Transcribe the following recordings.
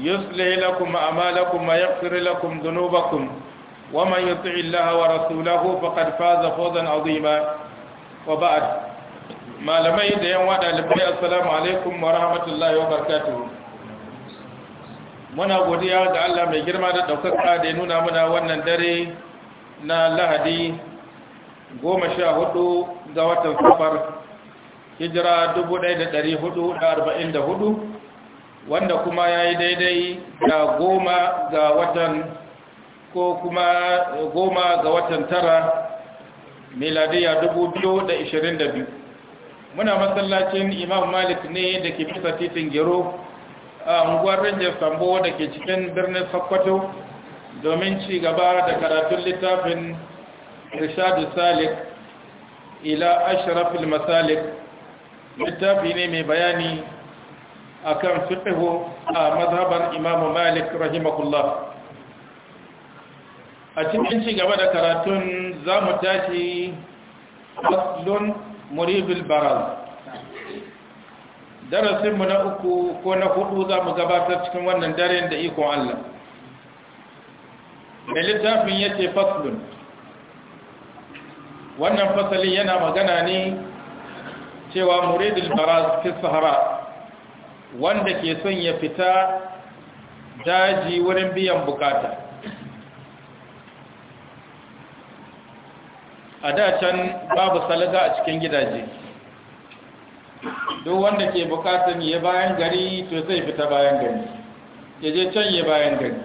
يصلح لكم أعمالكم ويغفر لكم ذنوبكم ومن يطع الله ورسوله فقد فاز فوزا عظيما وبعد ما لم يدين وعد السلام عليكم ورحمة الله وبركاته muna godiya ga Allah mai girma da ɗaukaka da ya nuna muna wannan dare na lahadi goma sha hudu ga watan safar hijira dubu ɗaya da ɗari hudu da arba'in da hudu wanda kuma ya yi daidai ga goma ga watan ko kuma goma ga watan tara miladiya biyu. muna masallacin imam malik ne da ke bisa titin gero a unguwar ranger sambo da ke cikin birnin sokoto domin ci gaba da karatun littafin rishadu salik ila ashirafil masalik littafi ne mai bayani akan fiqhu a mazabar Imam Malik rahimahullah a cikin ci gaba da karatun zamu tashi aslun muribul baral darasin mu na uku ko na hudu zamu gabatar cikin wannan daren da ikon Allah da littafin yace faslun wannan fasalin yana magana ne cewa muridul baraz fi sahara wanda ke son ya fita daji wurin biyan bukata a da can babu salga a cikin gidaje duk wanda ke bukatan ya bayan gari to zai fita bayan gari ya je can ya bayan gari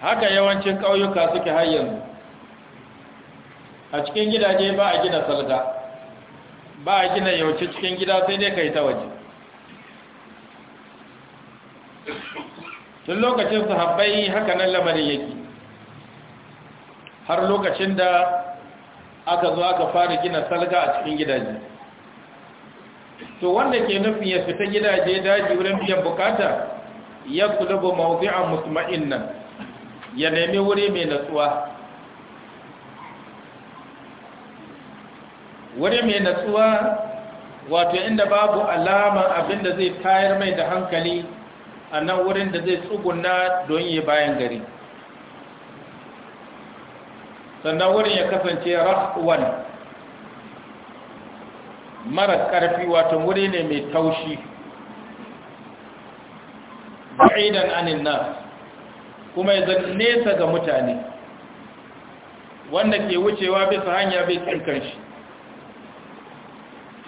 haka yawancin ƙauyuka suke har a cikin gidaje ba a gina salga ba a gina yauce cikin gida sai dai ka yi ta waje tun lokacin sahabbai haka nan lamarin yake har lokacin da aka zo aka fara gina salga a cikin gidaje to wanda ke nufin ya fita gidaje daji wurin biyan bukata ya kulubu mawuzi'an musma'in nan ya nemi wuri mai natsuwa wuri mai natsuwa wato inda babu alama abin da zai tayar mai da hankali a nan wurin da zai tsuguna don yi bayan gari sannan wurin ya kasance rahwan mara ƙarfi wato wuri ne mai taushi ba'idan anin nas kuma ya nesa ga mutane wanda ke wucewa bisa hanya bai tsinkan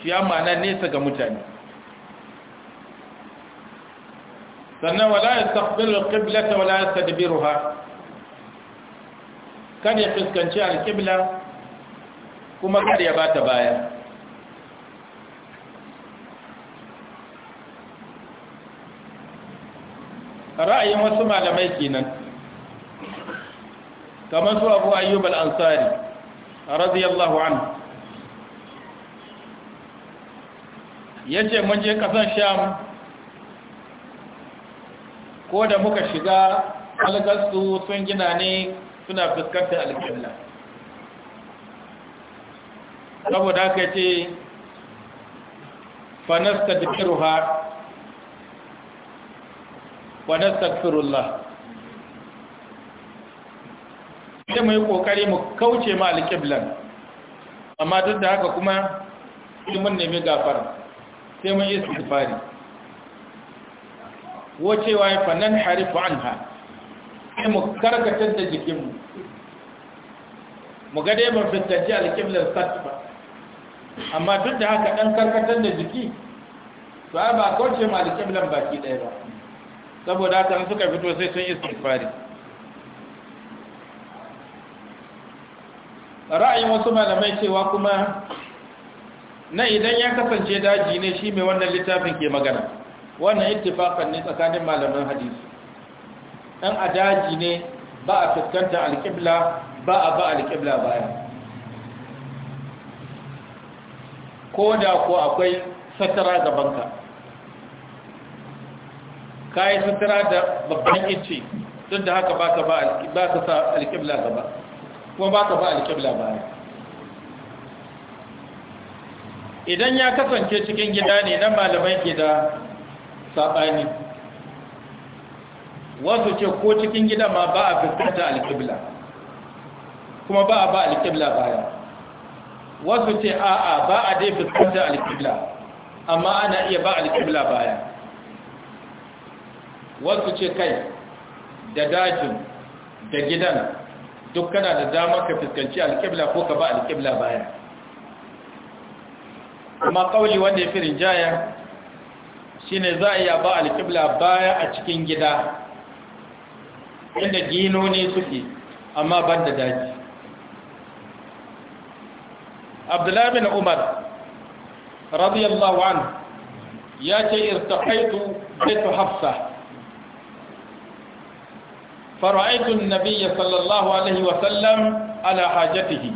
shi ma'ana nesa ga mutane sannan wala ya taɓilu ta wala ya tadbiru ha Kan ya fuskanci alƙibla kuma kada ya ba ta baya ra'ayin wasu malamai kenan kamar su abu ayyub al-ansari radiyallahu anhu ya ce mun je kasan sham ko da muka shiga algarsu sun gina ne suna fuskantar alƙalla saboda haka ce fanasta da firuha fanasta firullah sai mu yi ƙoƙari mu kauce ma alƙiblan amma duk da haka kuma mun nemi gafara sai mun yi istighfari wacewa ya fannan harifu anha sai mu karkatar da jikinmu mu ga dai ban fuskanci alƙiblar sat ba amma duk da haka ɗan karkatar da jiki to ai ba kauce ma alƙiblar baki ɗaya ba saboda haka suka fito sai sun yi istighfari ra'ayin wasu malamai cewa kuma na idan ya kasance daji ne shi mai wannan littafin ke magana wannan ittifaqan ne tsakanin malaman hadisi ɗan a daji ne ba a fuskanta alƙibla ba a ba alƙibla baya ko da ko akwai satara gabanka ka yi satara da babban ice tun da haka ba ka sa alƙibla gaba kuma ba ka ba alƙibla baya idan ya kasance cikin gida ne na malamai ke da saɓani wasu ce ko cikin gida ma ba a fuskanta alƙibla kuma ba a ba alƙibla baya wasu ce a'a ba a dai fuskanta alƙibla amma ana iya ba alƙibla baya wasu ce kai da dajin da gidan duk kana da dama ka fuskanci alƙibla ko ka ba alƙibla baya amma kauli wanda ya fi rinjaya shine za a iya ba alƙibla baya a cikin gida inda ginoni suke amma ban da daji Abdullamin umar radiyallahu anhu ya ce irtaqaitu baitu hafsa fara'aitu an-nabiyya sallallahu alaihi wa sallam ala hajatihi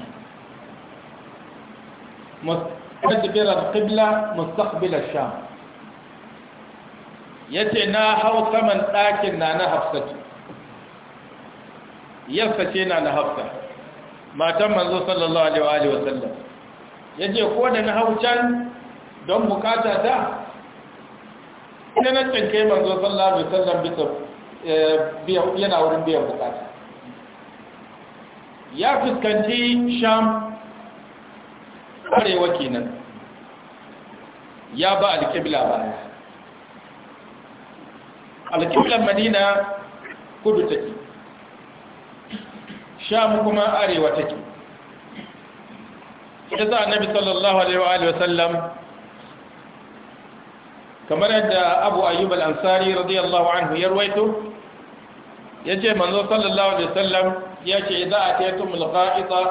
مستدبر القبلة مستقبل الشام yace na hau saman ɗakin na na hafsatu yasta ce na na hafsa matan manzo sallallahu alaihi wa sallam Ya ce ko da na hau can don bukata ta ina na tsinke manzo sallallahu alaihi wa sallam bisa yana wurin biyan bukata ya fuskanci sham arewa kenan ya ba alƙibla baya alƙiblan madina kudu take sham kuma arewa take ita za annabi sallallahu alaihi wa sallam kamar yadda abu ayyub al-ansari radiyallahu anhu ya ruwaito yace manzo sallallahu alaihi wa sallam wasallam yace idza ataytum al-qa'ita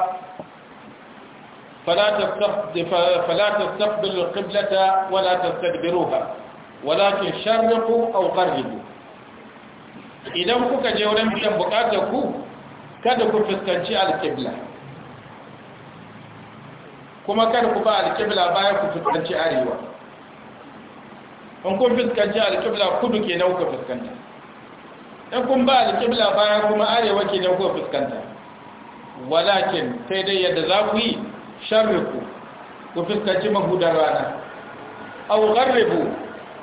فلا تستقبلوا القبلة ولا تستدبروها ولكن شرقوا أو غربوا idan kuka je wurin biyan bukatar ku kada ku fuskanci alkibla kuma kada ku ba alkibla bayan ku fuskanci arewa in kun fuskanci alkibla kudu ke nan fuskanta in kun ba alkibla bayan kuma arewa ke nan fuskanta walakin sai dai yadda za ku yi sharriku ku fuskanci mahudar rana au gharribu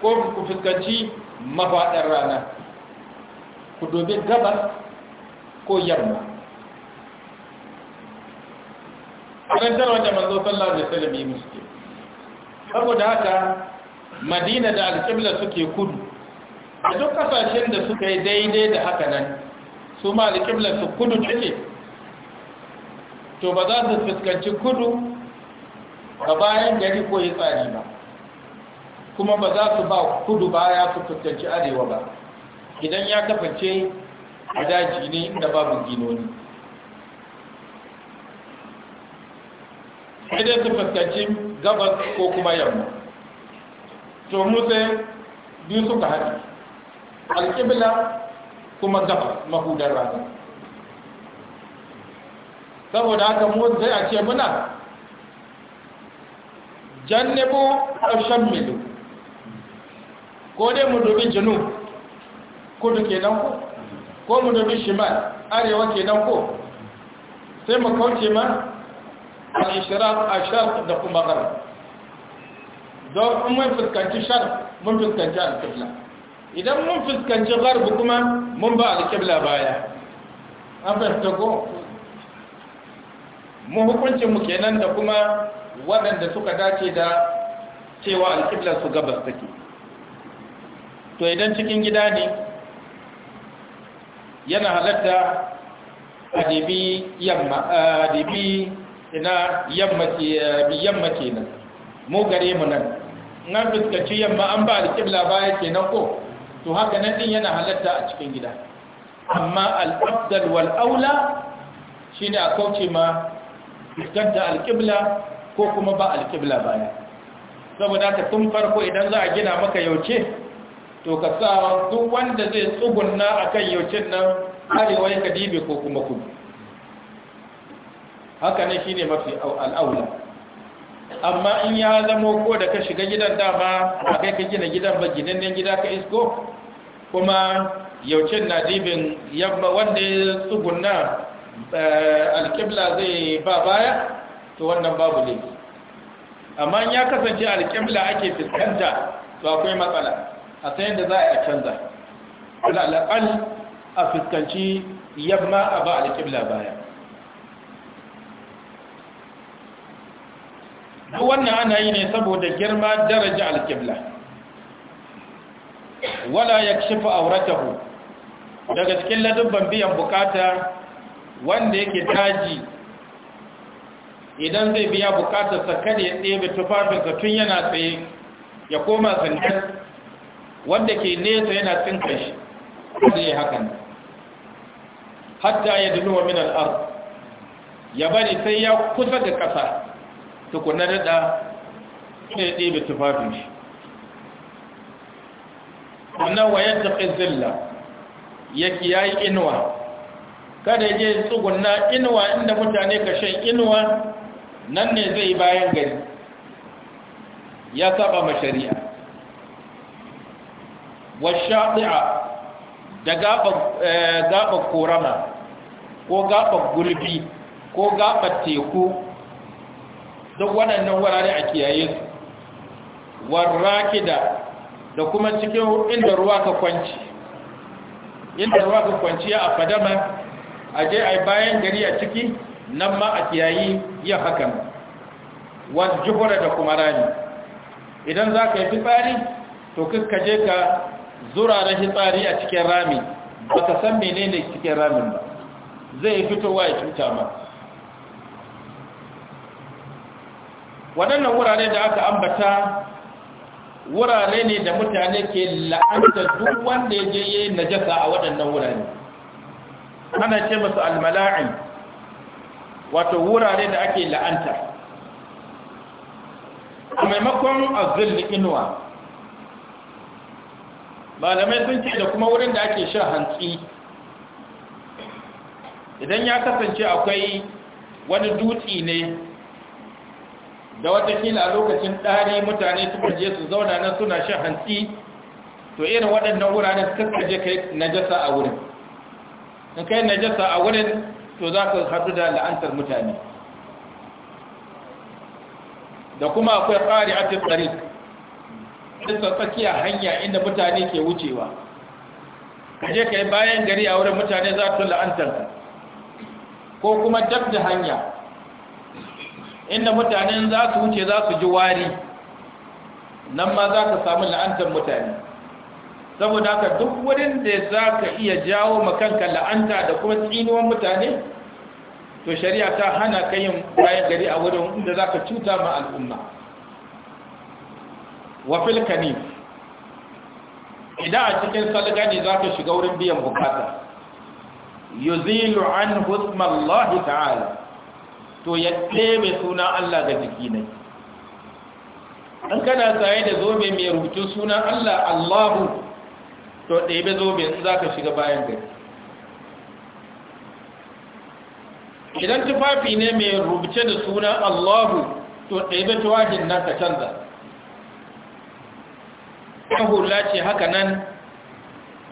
ko ku fuskanci mafaɗar rana ku dobe gabas ko yamma karantar wanda manzo sallallahu alaihi wasallam yi musu saboda haka madina da alƙibla suke kudu a duk kasashen da suka yi daidai da haka nan su ma alƙibla su kudu take to ba za su fuskanci kudu ga bayan gari ko yi tsari ba kuma ba za su ba kudu baya su fuskanci arewa ba idan ya kafance a daji ne inda babu ginoni idan su fuskanci gabas ko kuma yamma to musa biyu suka haɗi alƙibla kuma gabas mahudar rana saboda haka mu zai a ce muna jannibu ƙarshen milu ko dai mu dubi jinu kudu nan ko ko mu dubi shimal arewa nan ko sai mu kauce ma al a shar da kuma gharb don mun fuskanci shar mun fuskanci al idan mun fuskanci gharb kuma mun ba al baya an fahimta ko mu hukuncin mu kenan da kuma waɗanda suka dace da cewa alƙiblar su gabas take to idan cikin gida ne yana halatta a dibi yamma a dibi ina yamma kenan mu gare mu nan na fuskaci yamma an ba alƙibla baya kenan ko to haka nan din yana halatta a cikin gida amma al'abdal wal aula shine a kauce ma fitar da alƙibla ko kuma ba alƙibla baya saboda ka tun farko idan za a gina maka yauce to ka sa duk wanda zai tsugunna a kan yaucin nan arewa ya kadibe ko kuma kudu haka ne shine mafi al'aula amma in ya zamo ko da ka shiga gidan dama a kai ka gina gidan ba ginannen gida ka isko kuma yaucin na dibin yamma wanda ya tsugunna Eh, alƙibla zai ba baya to wannan babu ne. amma ya kasance alƙibla ake fiskanta to akwai matsala a sayan da za a canza alaƙal a fiskanci yamma a ba alƙibla baya duk wannan ana yi ne saboda girma daraja alƙibla wala ya shafa auratahu daga cikin ladubban biyan bukata wanda yake taji idan zai biya bukatarsa kada ya ɗebe tufafinsa tun yana tsaye ya koma sandar wanda ke nesa yana cin kashi wanda ya hakan hatta ya dunuwa min al'ar ya bari sai ya kusa da ƙasa tukunan daɗa sai ya ɗebe tufafin shi wannan wayar da zilla ya kiyayi inuwa kada ya je tsugunna inuwa inda mutane ka shan inuwa nan ne zai bayan gari ya saba ma shari'a washaɗi'a da gaba eh, korama ko gaɓar gulbi ko gaɓar teku duk waɗannan wurare a kiyaye su warrakida da kuma cikin inda ruwa ka kwanci inda ruwa ka kwanciya a fadama a je a bayan gari a ciki nan ma a kiyayi yin hakan wasu jihura da kuma rani idan za ka yi fitsari to kuka je ka zura na fitsari a cikin rami ba ta san menene cikin ramin ba zai fitowa ya cuta ma waɗannan wurare da aka ambata wurare ne da mutane ke la'anta duk wanda ya je yi najasa a waɗannan wurare ana ce masu almala'in wato wurare da ake la'anta a maimakon azil inuwa malamai sun ce da kuma wurin da ake shan hantsi idan ya kasance akwai wani dutse ne da watakila a lokacin ɗari mutane suka je su zauna na suna shan hantsi to irin waɗannan wuraren kaskaje je kai najasa a wurin in kai najasa a wurin to za ka haɗu da la'antar mutane da kuma akwai ƙari a tattari ɗinsa tsakiya hanya inda mutane ke wucewa kaje ka yi bayan gari a wurin mutane za su la'antar ko kuma dab da hanya inda mutanen za su wuce za su ji wari nan ma za ka samu la'antar mutane saboda haka duk wurin da za ka iya jawo makanka la'anta da kuma tsinuwan mutane to shari'a ta hana ka yin bayan gari a wurin inda za ka cuta ma al'umma wafil kanif idan a cikin salga ne za ka shiga wurin biyan bukata yuzilu an husmallahi ta'ala to ya ɗebe suna Allah ga jiki ne an kana saye da zobe mai rubutu suna Allah Allahu to ɗebe zobe zaka za ka shiga bayan gari idan tufafi ne mai rubuce da suna allahu to ɗebe tuwahin nan ka canza ɗan hula ce haka nan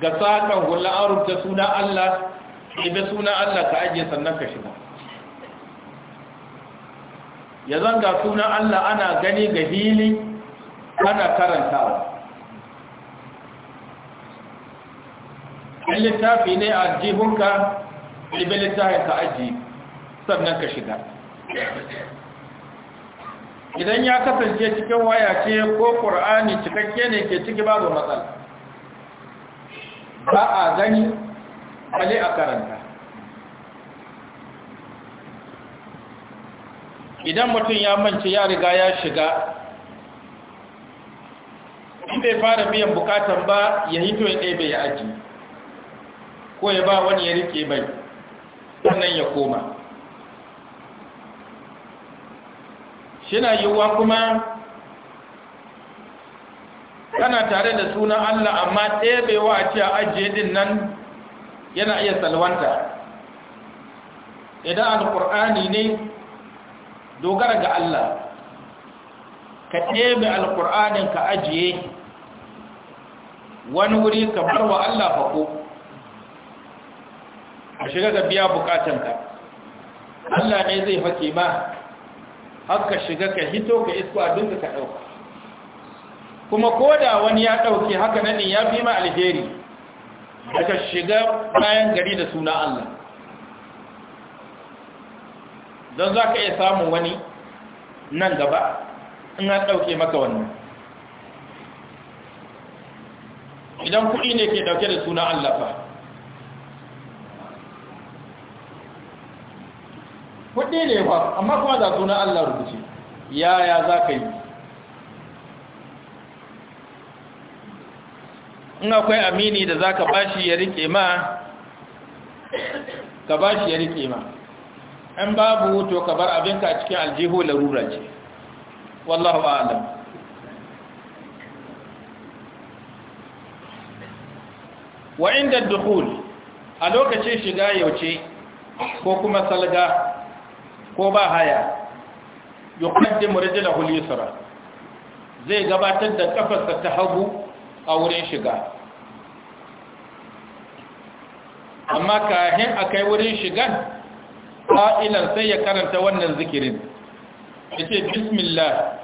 ga saƙon hula an rubuta suna allah ɗebe suna allah ka ajiye sannan ka shiga ya zanga suna allah ana gani ga hili ana karantawa in littafi ne a jihunka ɗibe littafin ka aji sannan ka shiga idan ya kasance cikin waya ce ko ƙur'ani cikakke ne ke ciki babu matsala ba a gani bale a karanta idan mutum ya manci ya riga ya shiga in bai fara biyan bukatan ba ya hito ya ɗebe ya aji ko ya ba wani ya rike bai, sannan ya koma shina yiwuwa kuma kana tare da sunan Allah amma ɗebewa a cewa ajiye din nan yana iya salwanta idan alkur'ani ne dogara ga Allah ka ɗebe alkur'anin ka ajiye wani wuri ka wa Allah fako a shiga ga biya bukatanka Allah ne zai fake ma har ka shiga ka hito ka isko a duka ka ɗauka kuma koda wani ya ɗauke haka nan ya fi ma alheri da ka shiga bayan gari da suna Allah don za ka iya samun wani nan gaba in an ɗauke maka wannan idan kuɗi ne ke ɗauke da suna Allah fa kuɗi ne ba amma kuma da sunan Allah rubuce yaya za ka yi in akwai amini da za ka bashi ya rike ma ka bashi ya rike ma in babu to ka bar abinka a cikin aljihu larura ce wallahu a'lam wa inda dukul, a lokacin shiga ce ko kuma salga ko ba haya yuqaddimu rijlahu al-yusra zai gabatar da kafarsa ta hagu a wurin shiga amma kahin akai wurin shigan fa'ilan sai ya karanta wannan zikirin ce bismillah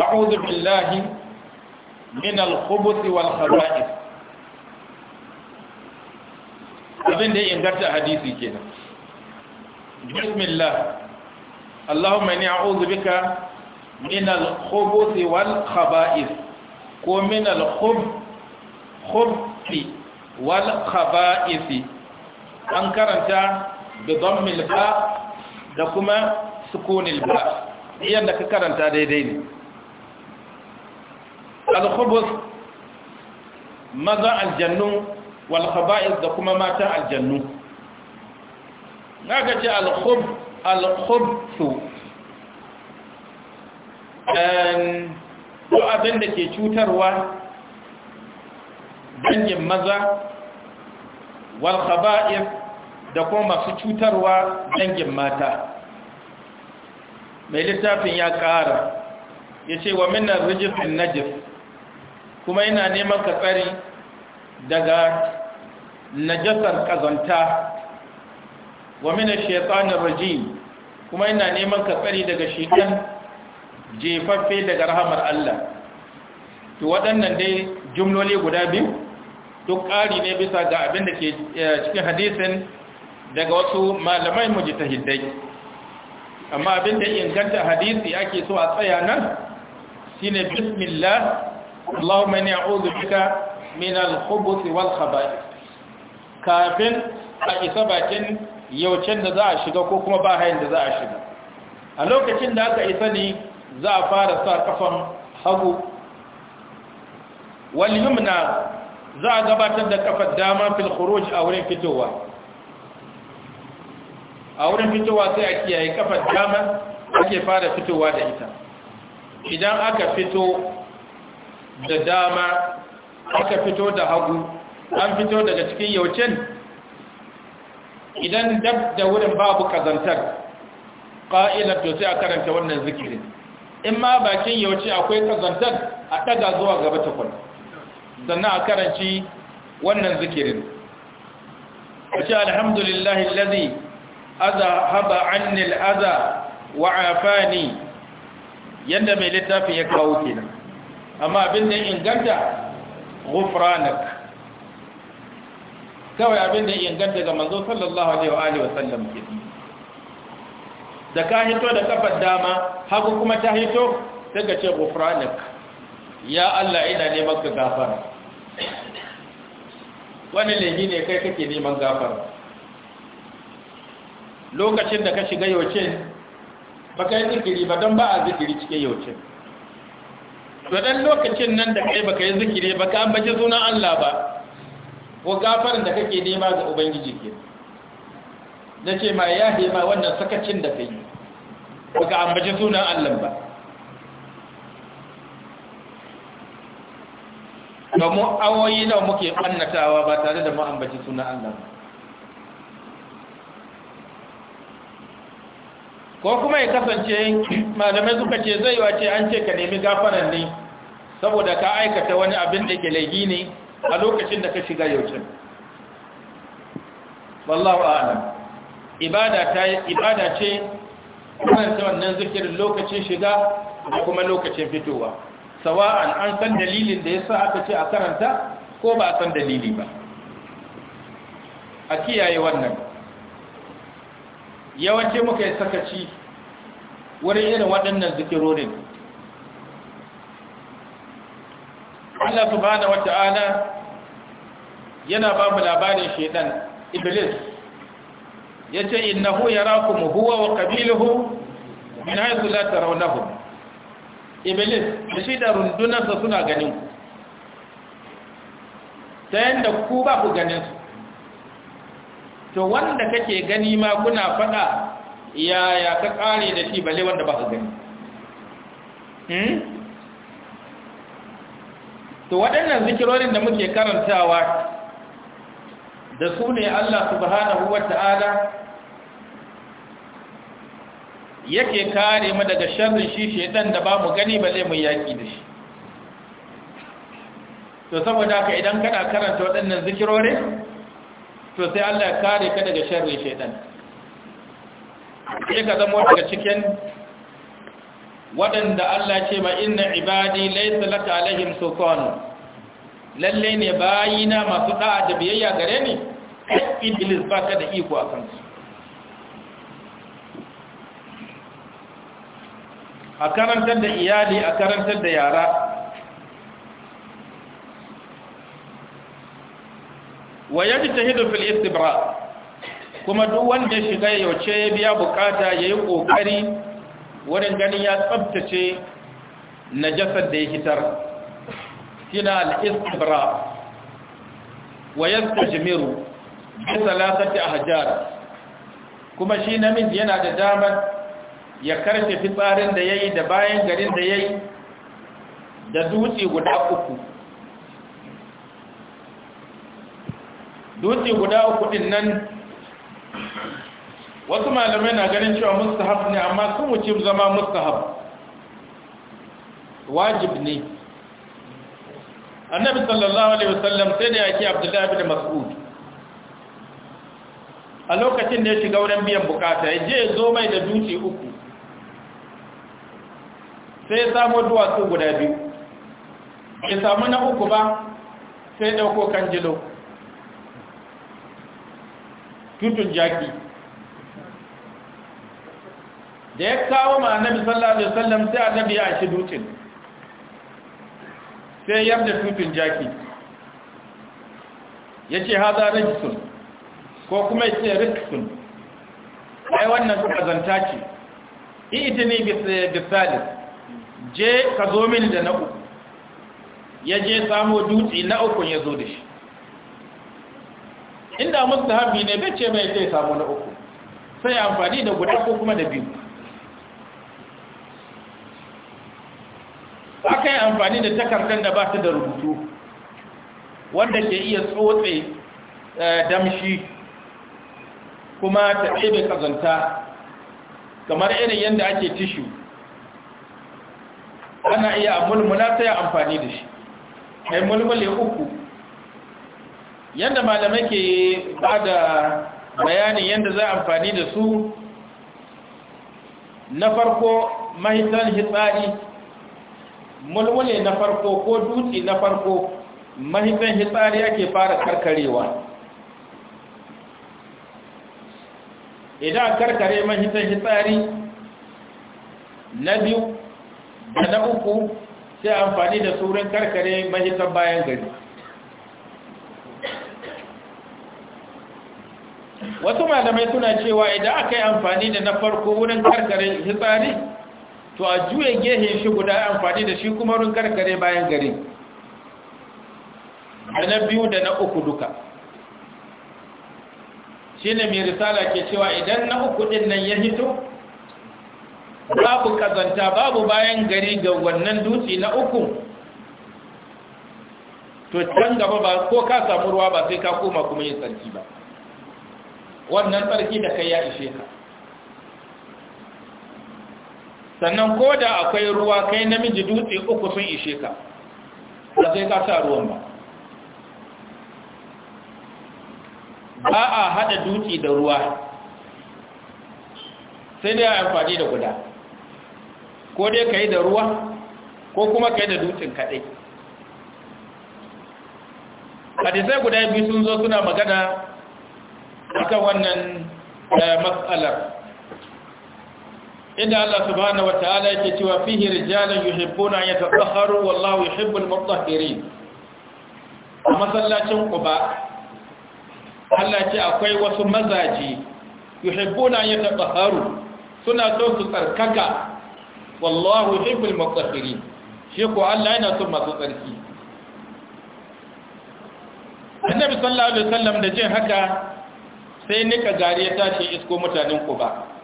a'udhu billahi min al-khubuth wal khaba'ith abin da ya inganta hadisi kenan بسم الله اللهم إني أعوذ بك من الخبث والخبائث ومن الخبث والخبائث an karanta da zammil da kuma sukunil ba ka karanta daidai ne alkhubus maza aljannu da kuma mata aljannu na ka ce alkhubtu ehm, ko abin da ke cutarwa dangin maza wal khaba'ir da kuma masu cutarwa dangin mata mai littafin ya ƙara ya ce wa minar rijifin najif kuma yana neman ka tsari daga najasar ƙazanta wa mina ash rajim kuma ina neman ka tsari daga shaitan jefaffe daga rahamar Allah to waɗannan dai jumloli guda biyu duk ƙari ne bisa ga abin da ke eh, cikin hadisin daga wasu malamai mujtahidai amma abin da inganta hadisi ake so a tsaya nan shine bismillah Allahumma inni a'udhu bika min al-khubuthi wal khaba'ith kafin a isa bakin yaucen da za a shiga ko kuma ba hayan da za a shiga a lokacin da aka isa ne za a fara sa kafan hagu wal yumna za a gabatar da kafar dama fil khuruj a wurin fitowa a wurin fitowa sai a kiyaye kafar dama ake fara fitowa da ita idan aka fito da dama aka fito da hagu an fito daga cikin yaucen idan dab da wurin babu kazantar ƙa'ilar to sai a karanta wannan zikirin in ma bakin yauci akwai kazantar a ɗaga zuwa gaba takwas sannan a karanci wannan zikirin a alhamdu lillahi lazi aza haba annil aza wa afani yadda mai littafin ya kawo kenan amma abin da inganta gufranak kawai abin da inganta ga manzo sallallahu alaihi wa sallam ke da ka hito da kafar dama hagu kuma ta hito sai ka ce gufranik ya Allah ina neman ka gafara wani laifi ne kai kake neman gafara lokacin da ka shiga yauce ba ka yi zikiri ba don ba a zikiri cikin yauce to dan lokacin nan da kai ba ka yi zikiri ba ka ambaci sunan Allah ba ko gafarin da kake nema ga ubangiji ke na ce ma ya ma wannan sakacin da kai. yi baka ambaci sunan allah ba mu awoyi nawa muke annatawa ba tare da mu ambaci sunan allah ba ko kuma ya kasance malamai suka ce zai wace an ce ka nemi gafaran ne saboda ka aikata wani abin da ke laifi ne a lokacin da ka shiga can wallahu a'lam ibada ta ibada ce kuma ta wannan zikirin lokacin shiga da kuma lokacin fitowa sawa'an an san dalilin da yasa aka ce a karanta ko ba a san dalili ba a kiyaye wannan yawanci muka yi sakaci wurin irin waɗannan zikirorin Allah subhanahu wata'ala yana ba mu labarin shedan iblis yace innahu yarakum huwa wa qabiluhu min haythu la tarawnahum iblis shi da rundunarsa suna ganin ku ta yadda ku ba ku ganin su to wanda kake gani ma kuna fada yaya ka kare da shi bale wanda ba ka gani hmm? to waɗannan zikirorin da muke karantawa da su ne Allah subhanahu ta'ala yake kare mu daga sharrin shi shaidan da ba mu gani ba zai mu yaki da shi to saboda haka idan kana karanta waɗannan zikirorin to sai Allah ya kare ka daga sharrin shaidan. sai ka zama daga cikin waɗanda Allah ce ma inna ibadi laysa laka alaihim sultan lalle ne bayina masu da'a da biyayya gare ni iblis baka da iko akan su. a karantar da iyali a karantar da yara wa yajtahidu fil istibra kuma duk wanda shiga yauce ya biya bukata yayi kokari wurin ganin ya tsabtace najasar da ya hitar sina al-istibra wa yastajmiru bi a ahjar kuma shi namiji yana da damar ya karfe fitsarin da ya yi da bayan garin da ya yi da dutse guda uku dutse guda uku din nan wasu malamai na ganin cewa mustahab ne amma sun wuce zama mustahab wajib ne annabi sallallahu alaihi wasallam sai da yake abdullahi bin mas'ud a lokacin da ya shiga wurin biyan bukata ya je zo mai da dutse uku sai ya samu duwatsu guda biyu ya samu na uku ba sai ɗauko kan jilo tutun jaki da ya kawo ma annabi sallallahu alaihi wasallam sai annabi ya shi dutin. sai yar da tutun jaki yace hada rajisun ko kuma yace rajisun ai wannan su kazanta ce itini bisalis je ka zo min da na uku ya je samo dutse na uku ya zo da shi inda mustahabi ne bace mai sai samu na uku sai amfani da guda ko kuma da biyu amfani da takardar da ba ta da rubutu wanda ke iya tsotse eh, damshi kuma ta ɗebe kazanta kamar irin yadda ake tishu ana iya mulmula yi amfani da shi mai mulmule uku yadda malamai ke ba da bayanin yadda za amfani da su na farko mahitan hitsari mulmule na farko ko dutse na farko mahaifin hitsari yake fara karkarewa idan karkare mahaifin hitsari na biyu da na uku sai amfani da surin karkare mahaifin bayan gari wasu malamai suna cewa idan aka yi amfani da na farko wurin karkare hitsari to a juya gehe shi guda amfani da shi kuma rin karkare bayan gari da na biyu da na uku duka shi ne mai risala ke cewa idan na uku ɗin nan ya hito babu kazanta babu bayan gari ga wannan dutse na uku to can gaba ba ko ka samu ruwa ba sai ka koma kuma yin tsarki ba wannan tsarki da kai ya ishe ka sannan ko da akwai ruwa kai namiji dutse uku sun ishe ka ba sai ka sa ruwan ba ba a haɗa dutse da ruwa sai dai a amfani da guda ko dai ka yi da ruwa ko kuma ka yi da dutsen kaɗai hadisai guda biyu sun zo suna magana akan wannan eh, matsalar inda Allah subhanahu wataala yake cewa fihi rijalun yuhibbuna an yatatahharu wallahu yuhibbul mutahhirin a masallacin Quba Allah ce akwai wasu mazaji yuhibbuna an yatatahharu suna so su tsarkaka wallahu yuhibbul mutahhirin shi ko Allah yana son masu tsarki Annabi sallallahu alaihi wasallam da jin haka sai nika gari ta tashi isko mutanen Quba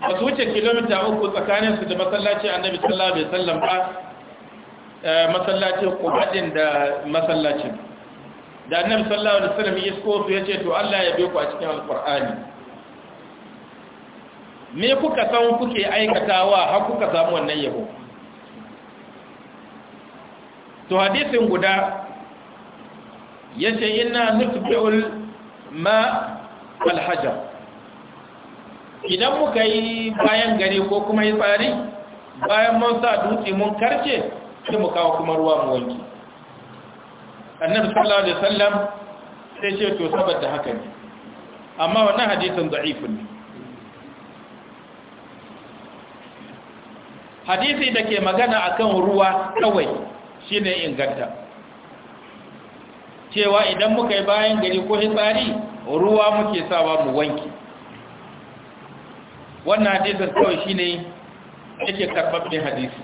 ba su wuce kilomita uku tsakanin su da masallaci annabi sallallahu alaihi wasallam ba eh, masallacin kubadin da masallacin da annabi sallallahu alaihi wasallam ya isko su yace to Allah ya ku a cikin alqur'ani me kuka san kuke aikatawa har kuka samu wannan yabo to hadisin guda yace inna nutbi'ul ma wal hajar idan muka yi bayan gari ko kuma yi fari bayan mun sa dutse mun karce sai mu kawo kuma ruwa mu wanki annabi sallallahu alaihi wasallam sai ce to saboda haka ne amma wannan hadisin da'if ne hadisi da ke magana akan ruwa kawai shine inganta cewa idan muka yi bayan gari ko hitsari ruwa muke sawa mu wanki wannan hadisin kawai shi ne yake karɓaɓɓe hadisi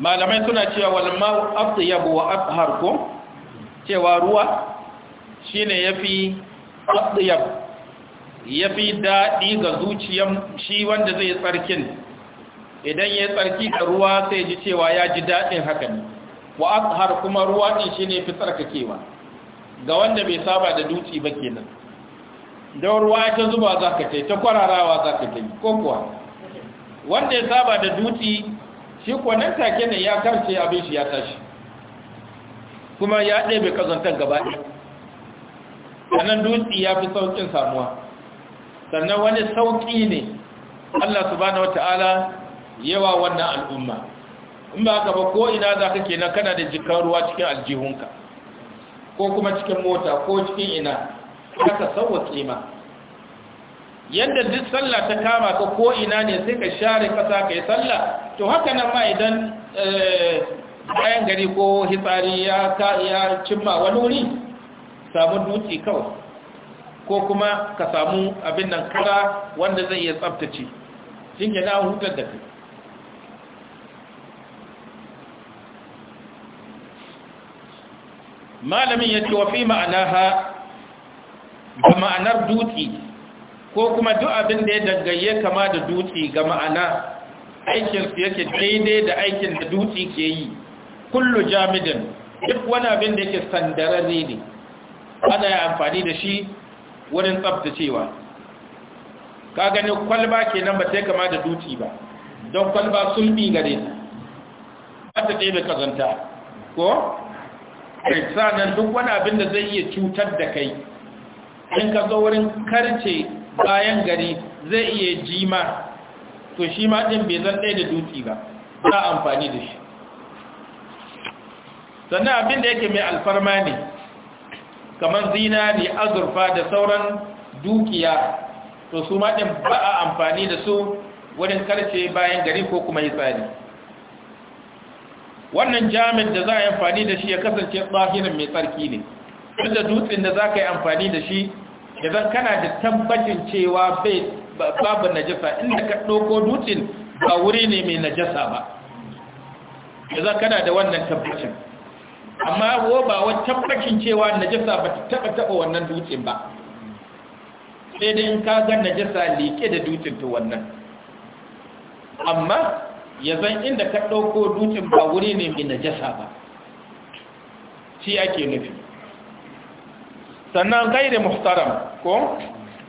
malamai suna cewa walma abdu yabo wa abhar ko cewa ruwa shi ne ya fi yabo ya fi daɗi ga zuciyan shi wanda zai tsarkin idan ya tsarki da ruwa sai ji cewa ya ji daɗin haka ne wa abhar kuma ruwa ne shi ne fi tsarkakewa ga wanda bai saba da dutse ba kenan da ruwa ta zuba za ka ta ta kwararawa za ka ce ko kuwa wanda ya saba da dutse shi kwanan take ne ya karce abin shi ya tashi kuma ya ɗebe kazantar gaba ɗaya sannan dutse ya fi sauƙin samuwa sannan wani sauƙi ne Allah subhanahu wata'ala yawa wannan al'umma in ba ka ba ko ina za ka kenan kana da jikan ruwa cikin aljihunka ko kuma cikin mota ko cikin ina aka sauwa ma yadda duk sallah ta kama ka ko ina ne sai ka share kasa ka yi sallah to haka nan ma idan eh, bayan gari ko hitsari ya cimma wani wuri samu dutse kawai ko kuma ka samu abin nan kara wanda zai iya tsabtace shi na hutar da malamin ya ce wa fi ma'ana ha ga ma'anar dutse ko kuma duk abin da ya dangaye kama da dutse ga ma'ana aikinsu yake daidai da aikin da dutse ke yi kullu jamidin duk wani abin da yake sandararre ne ana yi amfani da shi wurin tsabtacewa ka gani kwalba ke nan ba sai kama da dutse ba don kwalba sulbi gare ta ba ta ɗebe kazanta ko? sannan duk wani abin da zai iya cutar da kai in ka zo wurin karce bayan gari zai iya jima to shi ma ɗin bai zan ɗaya da dutse ba za amfani da shi sannan abin da yake mai alfarma ne kamar zinari azurfa da sauran dukiya to su ma ɗin ba a amfani da su wurin karce bayan gari ko kuma yi tsari wannan jami'in da za a yi amfani da shi ya kasance tsahirin mai tsarki ne duk da dutsen da za ka yi amfani da shi idan kana da tabbacin cewa babu najasa inda ka ɗauko dutsen ba wuri ne mai najasa ba ya kana da wannan tabbacin amma wo ba wa tabbacin cewa najasa ba ta taɓa taɓa wannan dutsen ba sai dai in ka ga najasa leke da dutsen ta wannan amma ya zan inda ka ɗauko dutsen ba wuri ne mai najasa ba shi ake nufi sannan gaire muhtaram ko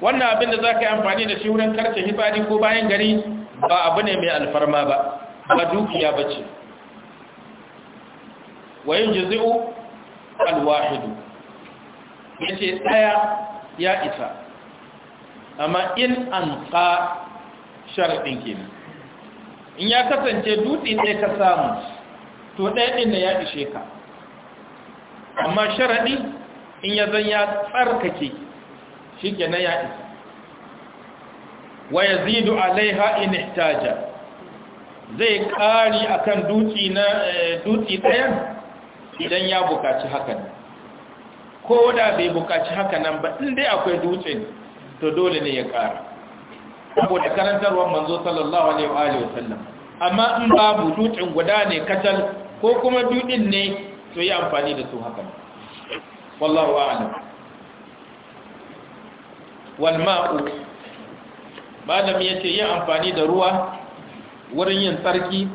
wannan abin da zaka yi amfani da shi wurin karce hifadi ko bayan gari ba abu ne mai alfarma ba ba dukiya ba ce wayin jizi'u alwahidu ya ce ɗaya ya isa amma in an ka sharaɗin kenan in ya kasance dutse ne ka samu to ɗaya ɗin ne ya ishe ka amma sharaɗi in ya zan ya tsarkake shi ke na ya'i wa ya zidu alaiha in ihtaja zai ƙari a kan eh, dutse ɗayan idan ya buƙaci hakan ko da bai buƙaci hakanan ba inda akwai dutsen to dole ne ya ƙara da karantarwar manzo sallallahu alaihi wa sallam amma in babu dutsen guda ne kacal ko kuma dutsen ne to yi amfani da su hakan wallahu a'lam wal ma'u malam yace yin amfani da ruwa wurin yin tsarki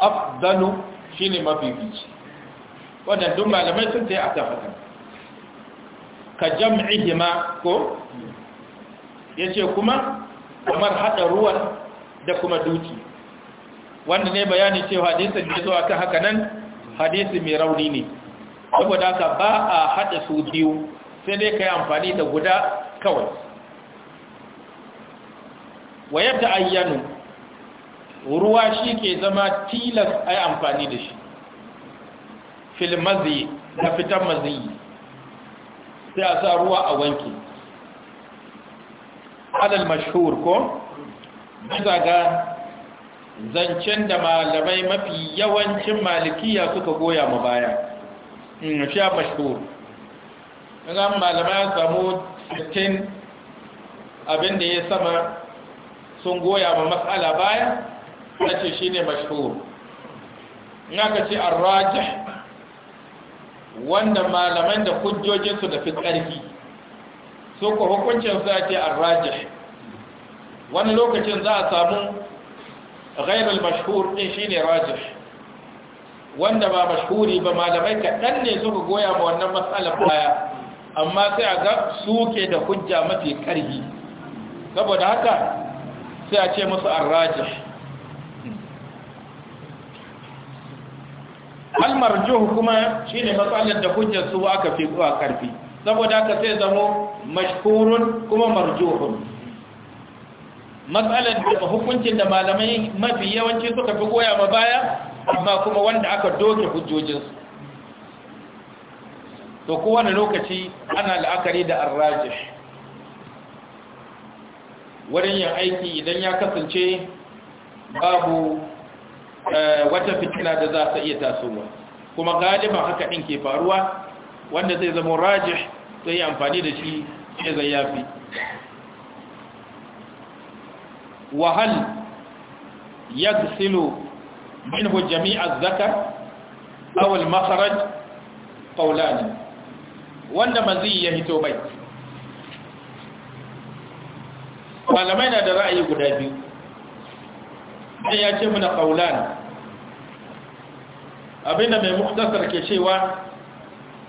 afdalu mafi mafifici wannan duk malamai sun tayi a haka ka hima ko ya ce kuma kamar hada ruwan da kuma duki wanda ne bayani cewa hadisan da zo ta haka nan hadisi mai rauni ne saboda haka ba a haɗa su biyu sai dai ka yi amfani da guda kawai wa yadda ayyanu ruwa shi ke zama tilas a yi amfani da shi filmazi na fitan mazi sai a sa ruwa a wanki alal mashhur ko bisa ga zancen da malamai mafi yawancin malikiya suka goya mu baya sha mashhur ran malamai ya samu 60 abin da ya sama sun goya ma matsala baya na ce shi ne mashhur na ka ce arrajih wanda malaman da hujjojinsu da fi tsarki, so ku hukuncin za ce arrajih wani lokacin za a samu ghairul mashhur din ne rajah? wanda ba mashhuri ba malamai kaɗan ne suka goya ma wannan matsalar baya amma sai a ga suke da hujja mafi karhi saboda haka sai a ce musu Hal almarjuhu kuma shine matsalar da hujjar su aka fi zuwa karfi saboda haka sai zamo mashhurun kuma marjuhun matsalar da hukuncin da malamai mafi yawanci suka fi goya ma baya amma kuma wanda aka doke hujjojinsu to kowane lokaci ana la'akari da arrajish wurin yin aiki idan ya kasance babu eh, wata fitina da za ta iya tasowa kuma galiban haka ɗin ke faruwa wanda zai zama rajih zai yi amfani da shi ya zai yafi wahal silo. minhu jami'a zakar aw al-makhraj qawlan wanda mazi ya hito bai malamai na da ra'ayi guda biyu sai ya ce muna qawlan abinda mai muktasar ke cewa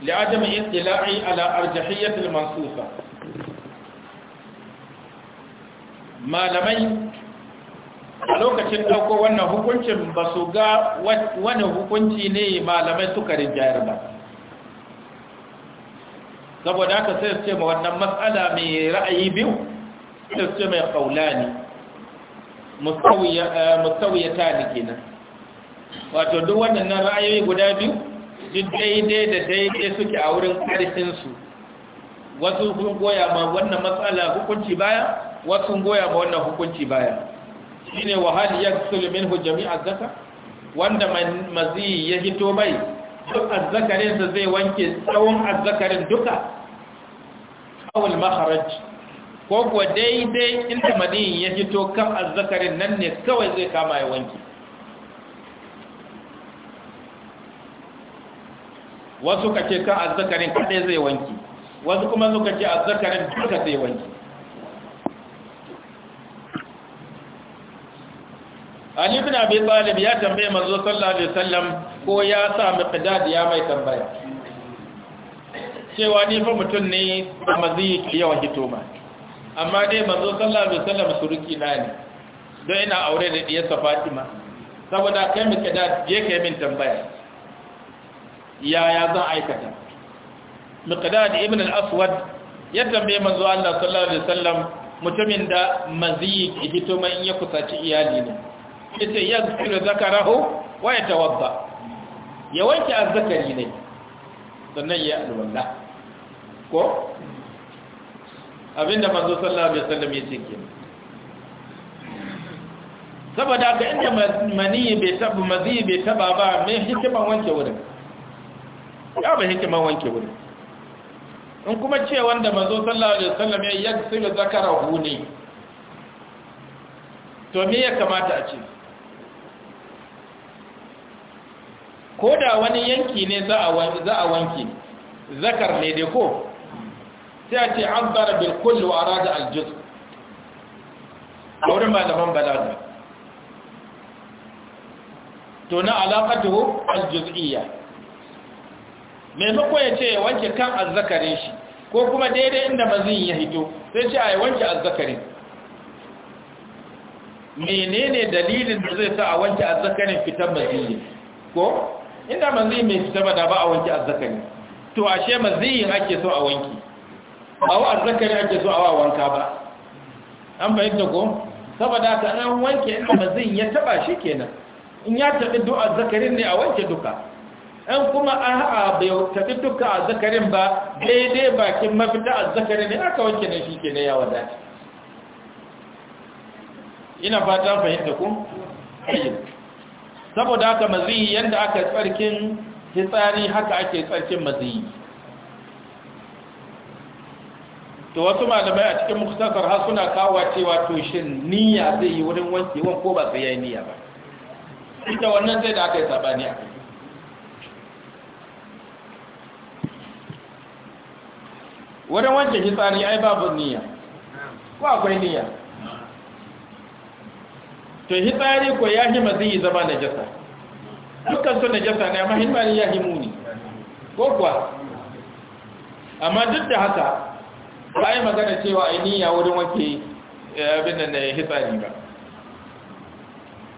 li'adami istila'i ala arjahiyyat al-mansusa malamai a lokacin ɗauko wannan hukuncin ba su ga wani hukunci ne malamai suka rinjayar ba saboda aka sai su ce ma wannan matsala mai ra'ayi biyu sai su ce mai ƙaulani musawiyata eh, ne nan wato duk na ra'ayoyi guda biyu duk daidai da daidai suke a wurin karfinsu wasu sun goya ma wannan matsala hukunci baya wasu sun goya ma wannan hukunci baya shine wa hal yaksul minhu jami'a zakar wanda mazi ya hito bai? duk azzakarin sa zai wanke tsawon azzakarin duka awul makharaj ko kuwa daidai inda mani ya hito kan azzakarin nan ne kawai zai kama ya wanke wasu kace kan azzakarin kadai zai wanke wasu kuma suka ce azzakarin duka zai wanke Ali ibn Abi Talib ya tambaye manzo sallallahu alaihi wasallam ko ya sa miqdad ya mai tambaya cewa ni fa mutun ne mazi yawa hitoma amma dai manzo sallallahu alaihi wasallam suruki na ne don ina aure da diyarsa Fatima saboda kai miqdad je kai min tambaya yaya zan aikata miqdad ibn al-aswad ya tambaye manzo Allah sallallahu alaihi wasallam mutumin da mazi hitoma in ya kusaci iyali ne yace yaghsilu zakarahu wa yatawadda ya wanke azzakari ne sannan ya alwala ko abinda manzo sallallahu alaihi wasallam yace kenan saboda haka inda mani bai taba mazi bai taba ba mai hikiman wanke wurin ya ba hikiman wanke wurin in kuma ce wanda manzo sallallahu alaihi wasallam ya yaghsilu zakarahu ne to me ya kamata a ce ko da wani yanki ne za a wanki zakar ne dai ko sai a ce an tsara bilkullu a rada aljus a wurin malaman balaga to na alaƙatu aljus'iyya maimako ya ce wanke kan azzakarin shi ko kuma daidai inda mazin ya hito sai ce a yi wanke azzakarin menene dalilin da zai sa a wanke azzakarin fitar mazin ko inda manzi mai fita ba da ba a wanki azzakari to ashe maziyin ake so a wanki ba wa azzakari ake so a wa wanka ba an fahimta ko saboda ta an wanke inda maziyin ya taba shi kenan in ya taɓi duk azzakarin ne a wanke duka an kuma an haɗa bai tafi duka azzakarin ba daidai bakin mafita azzakarin ne aka wanke ne shi kenan ya wadata ina fata fahimta ko. saboda haka maziyi yanda aka tsarkin hitsari haka ake tsarkin maziyi to wasu malamai a cikin muktasar har suna kawo cewa to shin niyya zai yi wurin wankewan ko ba zai yi niyya ba ita wannan zai da aka yi sabani a wurin wanke hitsari ai babu niyya ko akwai niyya to hitsari ko ya hima zai yi zama na jasa? dukkan su jasa ne amma hitsari ya himu ne ko kuwa amma duk da haka ba yi magana cewa ainiya wurin wanke eh, abin da na hitsari ba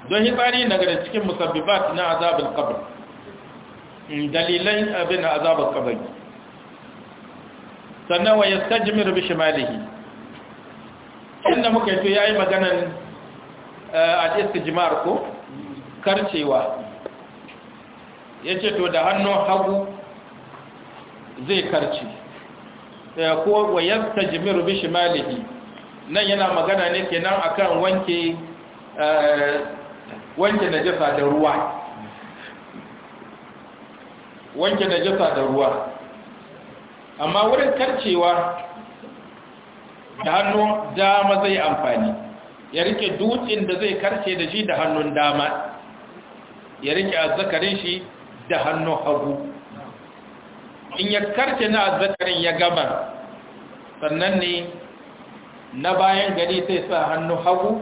don hitsari na gada cikin musabbibat na azabin kabar mm, dalilan abin na azabin kabar sannan wa ya stajimir bishimalihi inda muka yi to ya yi maganan Eh, al-istijmar ko karcewa ya ce to da hannun hagu zai karce eh, ko wa jimiru bishi malihi nan yana magana ne kenan akan wanke eh, wanke najasa da ruwa wanke najasa da ruwa amma wurin karcewa da hannu dama zai amfani ya rike dutsen da zai karce da shi da hannun dama ya rike azzakarin shi da hannun hagu in ya karce na azzakarin ya gama sannan ne na bayan gari sai sa hannun hagu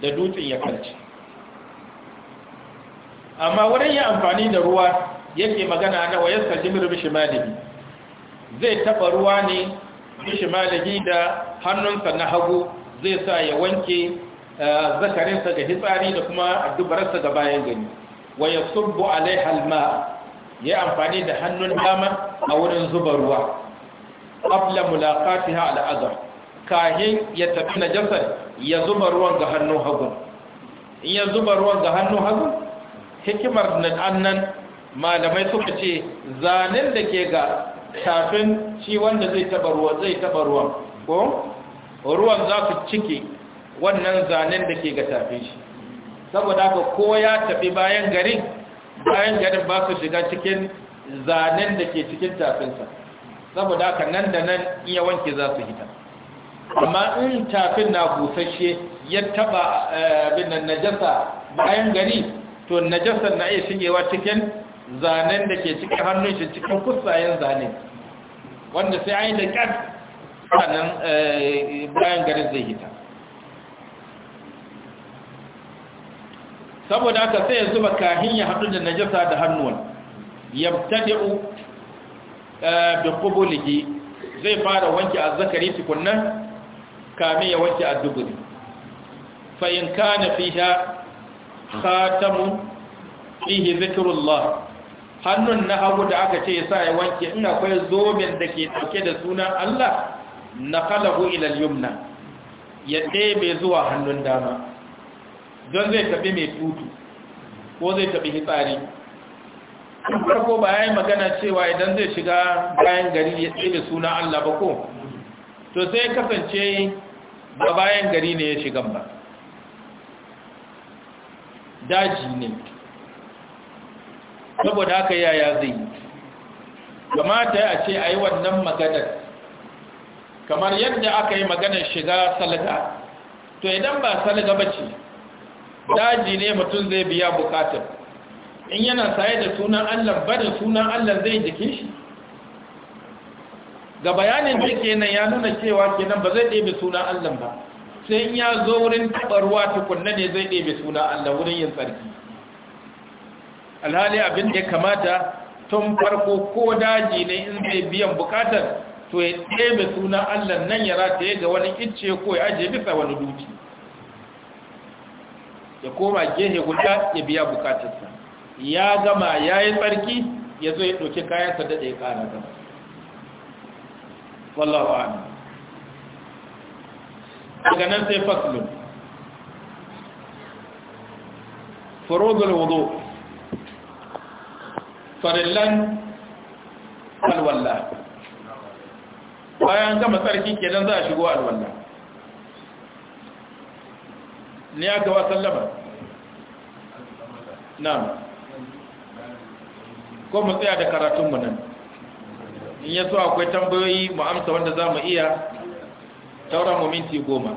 da dutsen ya karce amma wurin ya amfani da ruwa yake magana na wayar sajimir bishimalibi zai taba ruwa ne bishimalibi da hannunsa na hagu zai sa ya wanke eh, zakarinsa ga hitsari da kuma dubararsa ga bayan gani wa ya subbu alaiha alma ya amfani da hannun dama a wurin zuba ruwa qabla mulaqatiha al'azab kahin ya tafi najasar ya zuba ruwan ga hannun hagu in ya zuba ruwan ga hannun hagu hikimar nan annan malamai suka ce zanen da ke ga tafin ciwon da zai taba ruwa zai taba ruwan ko ruwan za su cike wannan zanen da ke ga tafi shi saboda haka ko ya tafi bayan garin bayan garin ba su shiga cikin zanen da ke cikin tafinsa saboda haka nan da nan iya wanke za su hita amma in tafin na busasshe ya taba eh, abin nan najasa bayan gari to najasar na iya shigewa cikin zanen da ke cikin hannun shi cikin kusayen zane wanda sai an yi da ƙar sannan eh, bayan garin zai hita saboda aka sai ya zuba kahin ya haɗu da najasa da hannuwan yabtadi'u eh, bi zai fara wanke zakari tukunan kame ya wanke adduburi fa na kana fiha khatamun fihi zikrullah hannun na hagu da aka ce ya sa ya wanke in akwai zoben da ke dauke da sunan Allah naqalahu ila al-yumna ya tebe zuwa hannun dama don zai tafi mai tutu ko zai tafi hitsari farko ba ya yi magana cewa idan zai shiga bayan gari ya tebe suna Allah ba ko to sai kasance ba bayan gari ne ya shiga ba daji ne saboda haka yaya zai yi. kamata a ce a yi wannan maganar kamar yadda aka yi maganar shiga salga to idan ba salga ba ce daji ne mutum zai biya bukatar in yana saye da sunan allah ba da sunan allah zai jikin shi ga bayanin da nan ya nuna cewa kenan ba zai ɗebe sunan allah ba sai in ya zo wurin taɓa ruwa tukunna ne zai ɗebe sunan allah wurin yin tsarki alhali abin da ya kamata tun farko ko daji ne in zai biyan bukatar to ya ɗebe sunan Allah nan ya rataye ga wani icce ko ya ajiye bisa wani duci ya koma gehe guda ya biya bukatarsa ya gama ya yi tsarki ya zo ya ɗauki kayansa daɗe ɗaya ƙara gama wallawa ana daga nan sai faslun furozul wudu farillan alwallah bayan gama tsarki kenan za a shigo alwala ne ya gaba sallama na ko mu tsaya da karatunmu nan in ya so akwai tambayoyi mu amsa wanda za mu iya tauran mu minti goma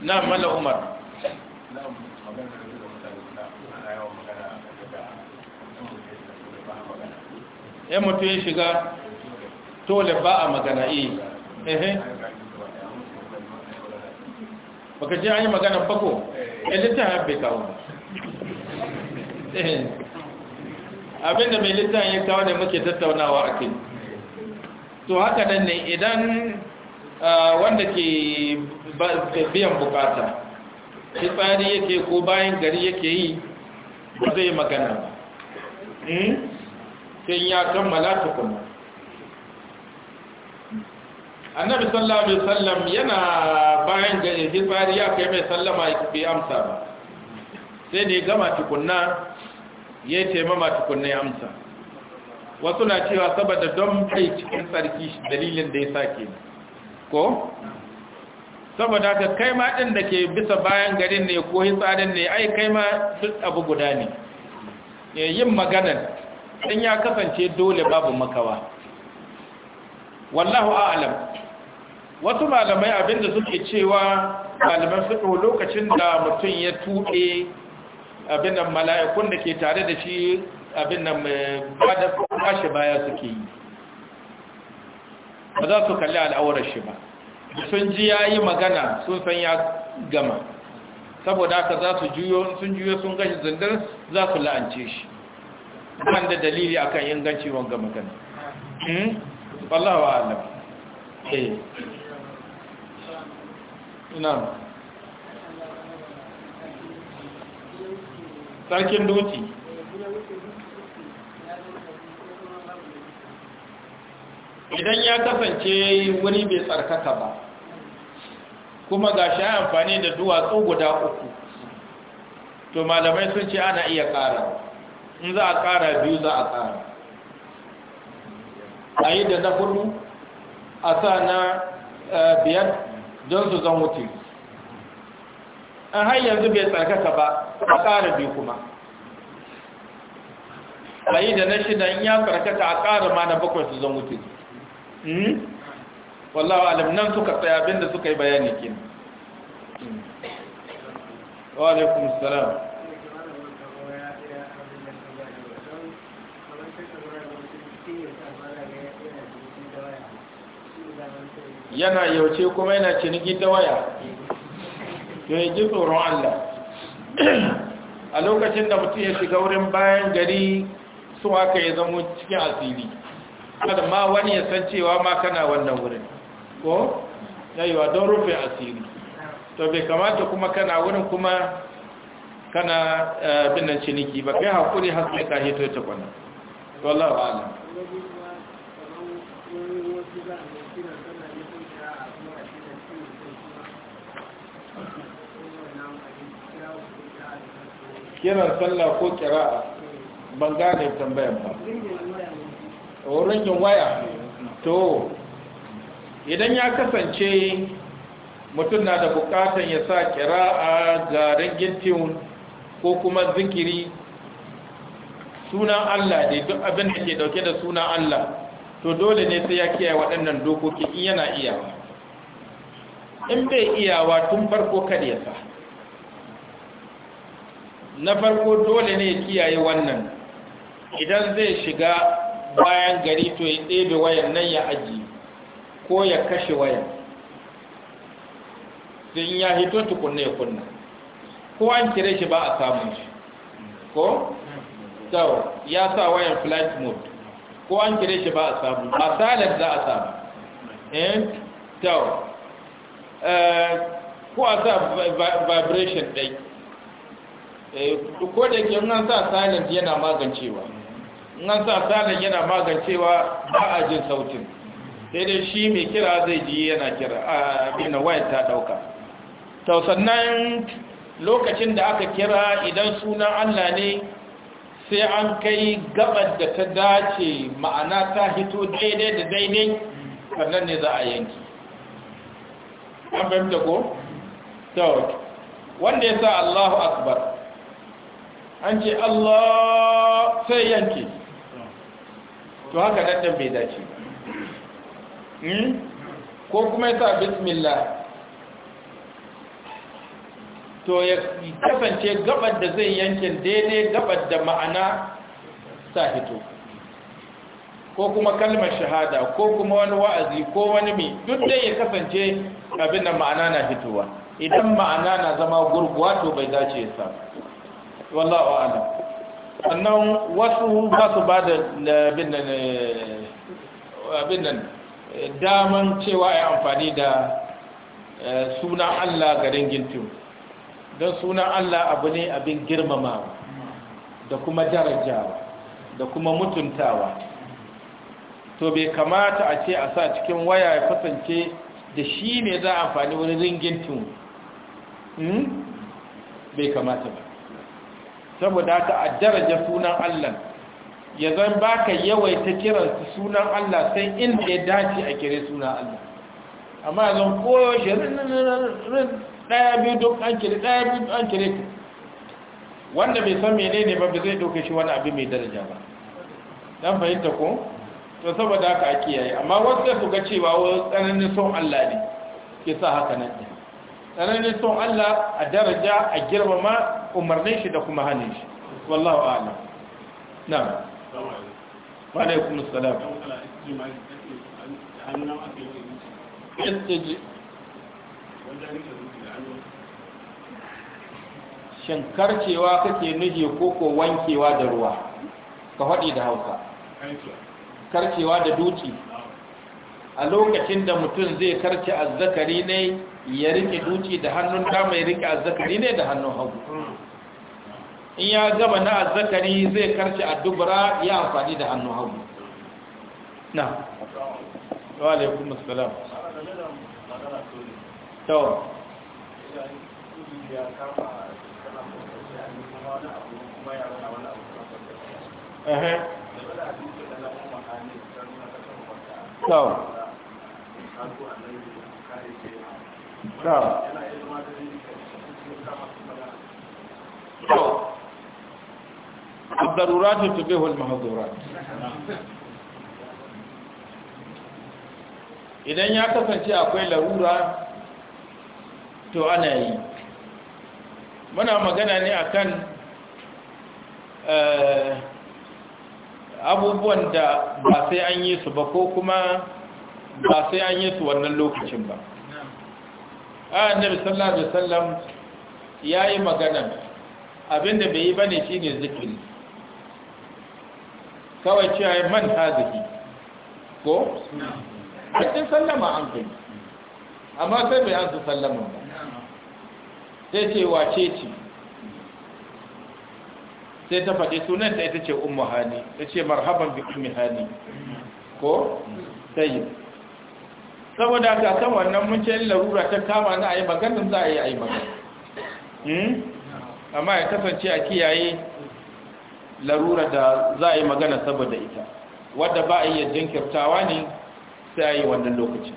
na mala umar ya mutu ya shiga Tole, ba a magana yi eh. ehe baka ji an yi magana bako ya eh, littafin bai kawo abinda mai littafin ya kawo ne muke tattaunawa a kai to haka nan ne idan wanda ke biyan bukata fitsari yake ko bayan gari yake yi zai magana ba hmm? sai ya kammala tukuna annabi sallallahu alaihi wasallam yana bayan ga hifari ya kai mai sallama bai amsa ba sai da ya gama tukunna ya taimama tukunna ya amsa wasu na cewa saboda don bai cikin tsarki dalilin da ya sake ko saboda ka kai ma ɗin da ke bisa bayan garin ne ko hitsarin ne ai kai ma duk abu guda ne yin maganar in ya kasance dole babu makawa wallahu a'alam wasu malamai abinda suke cewa malaman fiƙo lokacin da mutum ya tuɓe abin mala'ikun da ke tare da shi abin ba da kashe baya suke yi ba za su kalli al'aurar shi ba sun ji ya yi magana sun san ya gama saboda haka za su juyo sun juyo sun gashi zindar za su la'ance shi ban da dalili akan inganci wanga magana hmm? wallahu a'lam eh sarkin idan ya kasance wuri bai tsarkaka ba kuma ga shi amfani da duwatsu guda uku to malamai sun ce ana iya ƙara in za a ƙara biyu za a ƙara a yi da na hudu a sa na eh, biyar don su zan wuce an har yanzu bai tsarkaka ba a ƙara biyu kuma a yi da na shida in ya tsarkaka a ƙara ma na bakwai su zan wuce hmm? wallawa alim nan suka tsaye abinda suka yi bayani kin hmm. wa alaikum salam yana yauce kuma yana ciniki ta waya to ya ji tsoron Allah a lokacin da mutum ya shiga wurin bayan gari su aka ya zama cikin asiri kada ma wani ya san cewa ma kana wannan wurin ko yayiwa don rufe asiri to bai kamata kuma kana wurin kuma kana eh, binnan ciniki ba kai hakuri har sai ka hito ta kwana to Allah wa'ala kiran sallah ko kira'a ban gane tambayan ba wurin yin waya to idan ya kasance mutum na da bukatan ya sa kira'a ga rangin tiun ko kuma zikiri sunan Allah da duk abin da ke dauke da sunan Allah to dole ne sai ya kiyaye waɗannan dokoki in yana iyawa in bai iyawa tun farko kada ya sa na farko dole ne kiyaye wannan idan zai shiga bayan gari to ya ɗebe wayan nan ya aji ko ya kashe wayan sun ya hito tukunne ya kunna ko an kire shi ba a samun shi ko? so ya sa wayan flight mode ko an kire shi ba a samu a salar za a samu eh to eh, ko a sa vibration ɗai Eh, ko da ke nan sa silent yana magancewa nan sa silent yana magancewa ba a jin sautin sai dai shi mai kira zai ji yana kira a da ta dauka to sannan lokacin da aka kira idan sunan Allah ne sai an kai gabar da ta dace ma'ana ta hito daidai da daidai sannan ne za a yanki an fahimta ko? wanda ya sa Allahu Akbar an ce Allah sai yanke to haka daddan bai dace hmm? ko kuma ya sa bismillah to ya kasance gabar da zai yankin daidai gabar da ma'ana sa hito ko kuma kalmar shahada ko kuma wani wa'azi ko wani mai duk dai ya kasance abin da ma'ana na fitowa idan ma'ana na zama gurguwa to bai dace ya samu wallahu a'lam sannan wasu ba su ba da abin nan eh, eh, daman cewa ya amfani da eh, suna Allah garin gintu don sunan Allah abu ne abin girmama, da kuma darajawa da kuma mutuntawa to bai kamata a ce a sa cikin waya ya kasance da shi ne za a amfani wani ringin tun hmm? bai kamata ba saboda ta a daraja sunan Allah ya zan baka yawaita kiran sunan Allah sai inda ya dace a kire sunan Allah amma zan koyo shi rin daya biyu duk an kire daya biyu an kire ta wanda bai san ne ba ba zai dauke shi wani abu mai daraja ba dan fahimta ko to saboda haka a kiyaye amma wasu su ga cewa wa tsananin son Allah ne ke sa haka nan tsananin son Allah a daraja a girmama umarnin shi da kuma hannun shi wallahu ala na wa alaikum assalam shin karcewa kake nufi ko ko wankewa da ruwa ka faɗi da hausa karcewa da duci a lokacin da mutum zai karce azzakari ne ya rike duci da hannun dama ya rike azzakari ne da hannun hagu in ya gama na azzakari zai karce a dubura ya amfani da hannu hau. na walaikun musulam to الضرورات تبيه المحظورات idan ya kasance akwai larura to ana yi muna magana ne akan abubuwan da ba sai an yi su ba ko kuma ba sai an yi su wannan lokacin ba a annabi sallallahu alaihi wasallam yayi magana abinda bai yi ba bane shine zikiri kawai ce ya man haziki ko? cikin sallama an kai. amma sai bai an su sallama ba sai ce wace ce sai ta faɗi sunan ta ita ce ummu hani ta ce marhaban bi ummi hani ko? sai saboda ka san wannan mun ce larura ta kama na ayi maganin za a yi ayi maganin. magana hmm? amma ya kasance a kiyaye larura da za a yi magana saboda ita wadda ba a iya jinkirtawa ne sai a yi wannan lokaci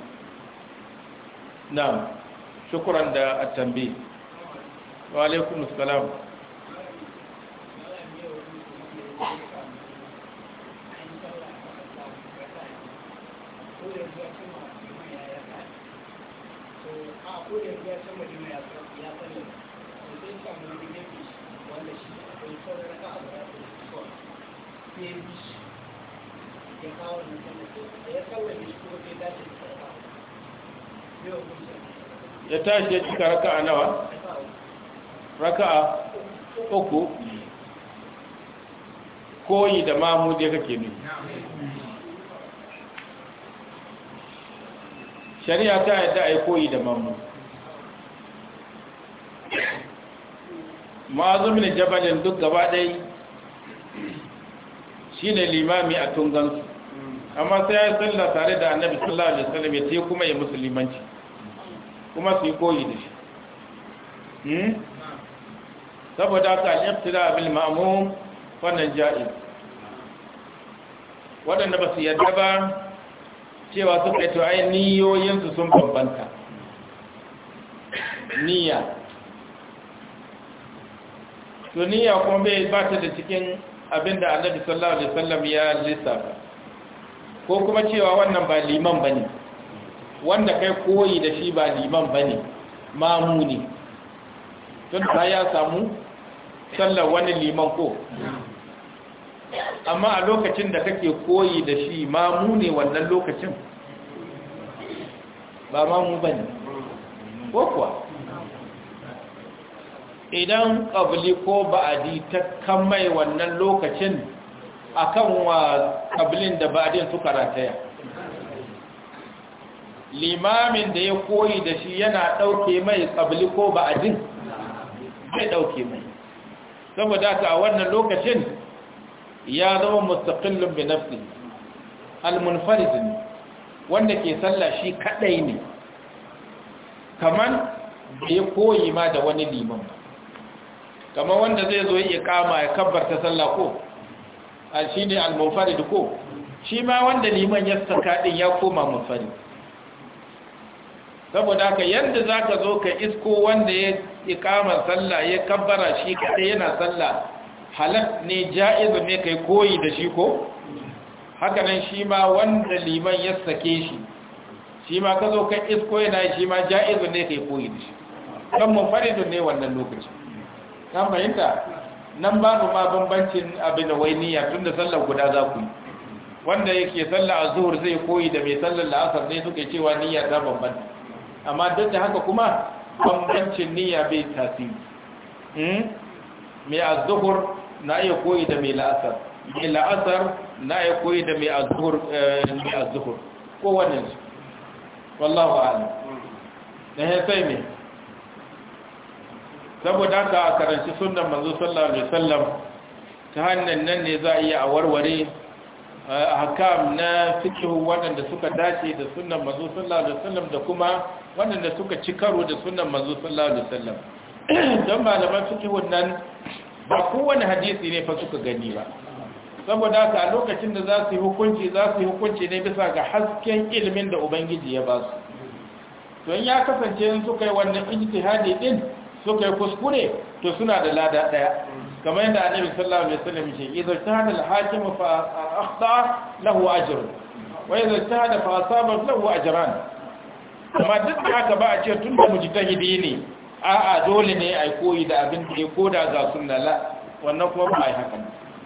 na shukuran da a tambi wa alaikun salam ya tashi ya cika raka'a nawa raka'a uku koyi da mamu da kake ne shari'a ta yadda a yi koyi da mamu ma'azu jabalin duk gaba ɗai shi ne limami a tungansu amma sai ya yi sallah tare da annabi sallallahu alaihi wasallam ya ce kuma ya musulmanci kuma su yi koyi da shi hmm? saboda ka al-ibtida bil ma'mum wannan ja'i waɗanda ba su yadda ba cewa suka yi to ai niyoyinsu sun bambanta niyya to kuma bai ba ta da cikin abin da annabi sallallahu alaihi wasallam ya lissafa ko kuma cewa wannan ba liman bane wanda kai koyi da shi ba liman bane mamu ne tun da ya samu sallar wani liman ko amma a lokacin da kake koyi da shi mamu ne wannan lokacin ba mamu bane ko kuwa idan ƙabli ko ba'adi ta kammai wannan lokacin akan wa ƙablin da ba'adin suka rataya limamin da ya koyi da shi yana ɗauke mai ƙabli ko ba'adin zai ɗauke mai saboda ta a wannan lokacin ya zama mustaqillun bi nafsi al-munfarid wanda ke sallah shi kadai ne kaman da ya koyi ma da wani liman ba kamar wanda zai zo ya kama ya kabbarta sallah ko a shi ne almufarid ko shi ma wanda liman ya saka din ya koma mufarid saboda ka yadda za ka zo ka isko wanda ya ikama sallah ya kabbara shi kai yana sallah halal ne ja'iz ne kai koyi da shi ko haka nan shi ma wanda liman ya sake shi shi ma ka zo ka isko yana shi ma ja'izu ne kai koyi da shi kan munfaridun ne wannan lokacin kan fahimta nan ba babu ma bambancin abin da wai niyya tun da sallar guda za ku yi wanda yake sallar a zuhur zai koyi da mai sallar la'asar ne suka cewa niyya ta bambanta amma duk da haka kuma bambancin niyya bai tasiri hmm? mai a zuhur na iya koyi da mai la'asar mai la'asar na iya koyi da mai a eh, zuhur kowane su wallahu ala na hmm. sai mai saboda haka a karanci sunan manzo sallallahu alaihi wasallam ta hannun nan ne za a iya a warware hakam na fikihu waɗanda suka dace da sunan manzo sallallahu alaihi wasallam da kuma waɗanda suka ci karo da sunan manzo sallallahu alaihi wasallam don malaman fikihun nan ba kowane hadisi ne fa suka gani ba saboda haka a lokacin da za su yi hukunci za su yi hukunci ne bisa ga hasken ilimin da ubangiji ya ba su to in ya kasance in suka yi wannan ijtihadi din suka yi kuskure to suna da lada daya kamar yadda annabi sallallahu alaihi wasallam ce idza tahada al-hakim fa akhta lahu ajrun wa idza tahada fa asaba lahu ajran amma duk da haka ba a ce tun da mujtahidi ne a a dole ne ai koyi da abin da ko da ga sunna la wannan kuma ba ai haka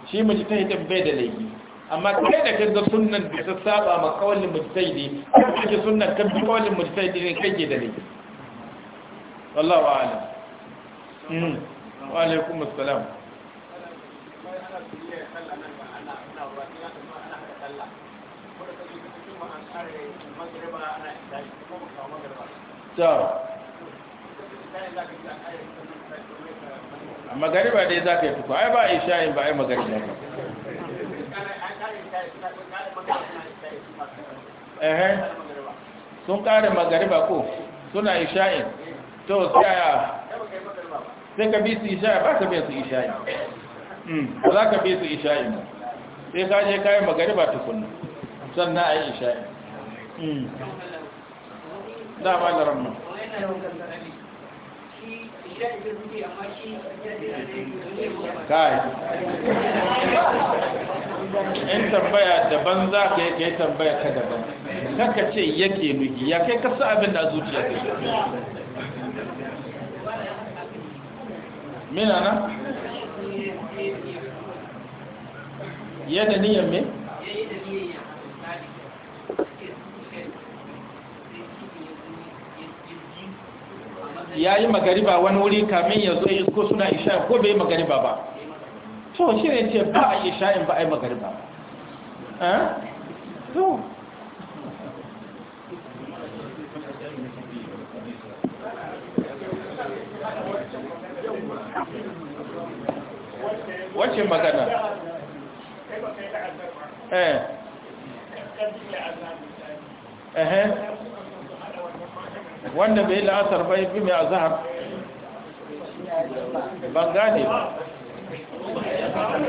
shi mujtahidin bai da laifi amma kai da kanka sunnan da ta saba ma kawalin mujtahidi kai kake sunnan kan kawalin mujtahidi ne kake da laifi wallahu a'lam Hmm. wa alaikum assalam a magariba dai za ka yi tuku ai ba a yi shayin ba a yi magariba ba ehe sun kare magariba ko suna yi shayin to ya. sai ka bi su isha'i ba ka bi su isha'i hmm, ba za ka bi su isha'i ba sai ka je kayan magariba tukunna sannan a yi isha'i hmm. dama da ramma kai in tambaya daban za ka yi kai tambaya ka daban kaka ce yake nuki ya kai kasa abin da zuciya ke. mina na ya da niyan me ya yi magariba wani wuri kamin ya zo ko suna isha ko bai yi magariba ba to shi ne ce ba a isha'in ba a yi magariba ba eh? wacce magana eh eh wanda bai la'asar bai bi mai azhar ban gane ba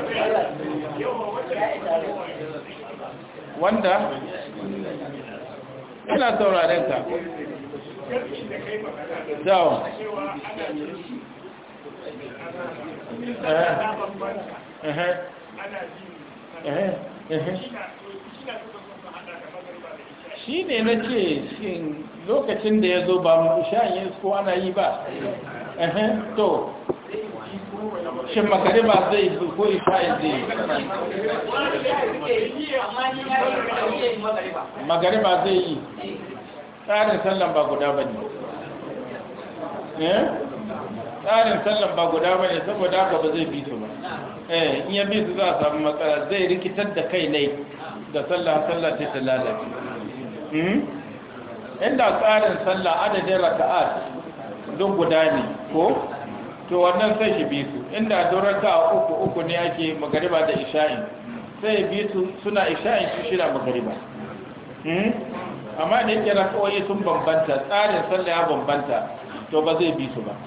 wanda ina sauraren ka dawo Eh, eh, eh, shi ne na ce lokacin da ya zo ba mu sha'in ko ana yi ba to shi makare ba zai yi ko isha'in zai yi magare ba zai yi tsarin sallan ba guda ba ne tsarin sallan ba guda ba ne saboda haka ba zai bi su ba eh, in ya bi su za a samu matsala zai rikitar da kai ne da sallah sallah ta ta lalace hmm? inda tsarin sallah adadin raka'at duk guda ne ko to wannan sai shi bi su inda don raka'a uku uku ne ake magariba da isha'in sai bi su suna isha'in su shida magariba hmm? amma da yake raka'o'i sun bambanta tsarin sallah ya bambanta to ba zai bi su ba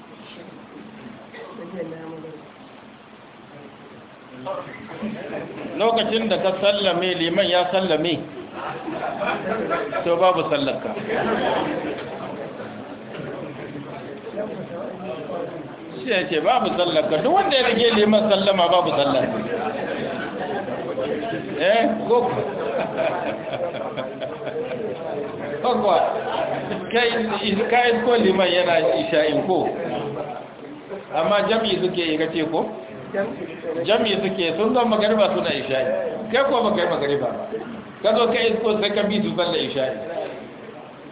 lokacin da ka sallame liman ya sallame to babu sallarka shi ya ce babu sallarka duk wanda ya rage liman sallama babu sallar. eh ko kwakwa kai ko liman yana isha'in ko amma jam'i suke yi gace ko jam'i suke sun zan magariba suna isha'i kai ko baka yi magariba ka zo kai isko sai ka bisu balla sallar isha'i